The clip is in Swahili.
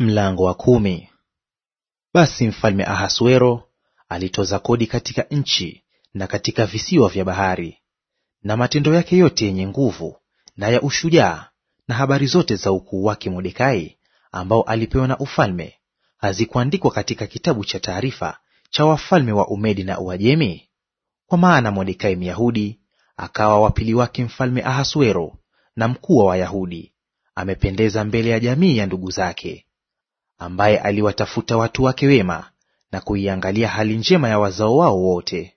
Mlango wa kumi. Basi mfalme Ahasuero alitoza kodi katika nchi na katika visiwa vya bahari, na matendo yake yote yenye nguvu na ya ushujaa, na habari zote za ukuu wake Mordekai ambao alipewa na ufalme, hazikuandikwa katika kitabu cha taarifa cha wafalme wa Umedi na Uajemi? Kwa maana Mordekai Myahudi akawa wapili wake mfalme Ahasuero, na mkuu wa Wayahudi, amependeza mbele ya jamii ya ndugu zake ambaye aliwatafuta watu wake wema na kuiangalia hali njema ya wazao wao wote.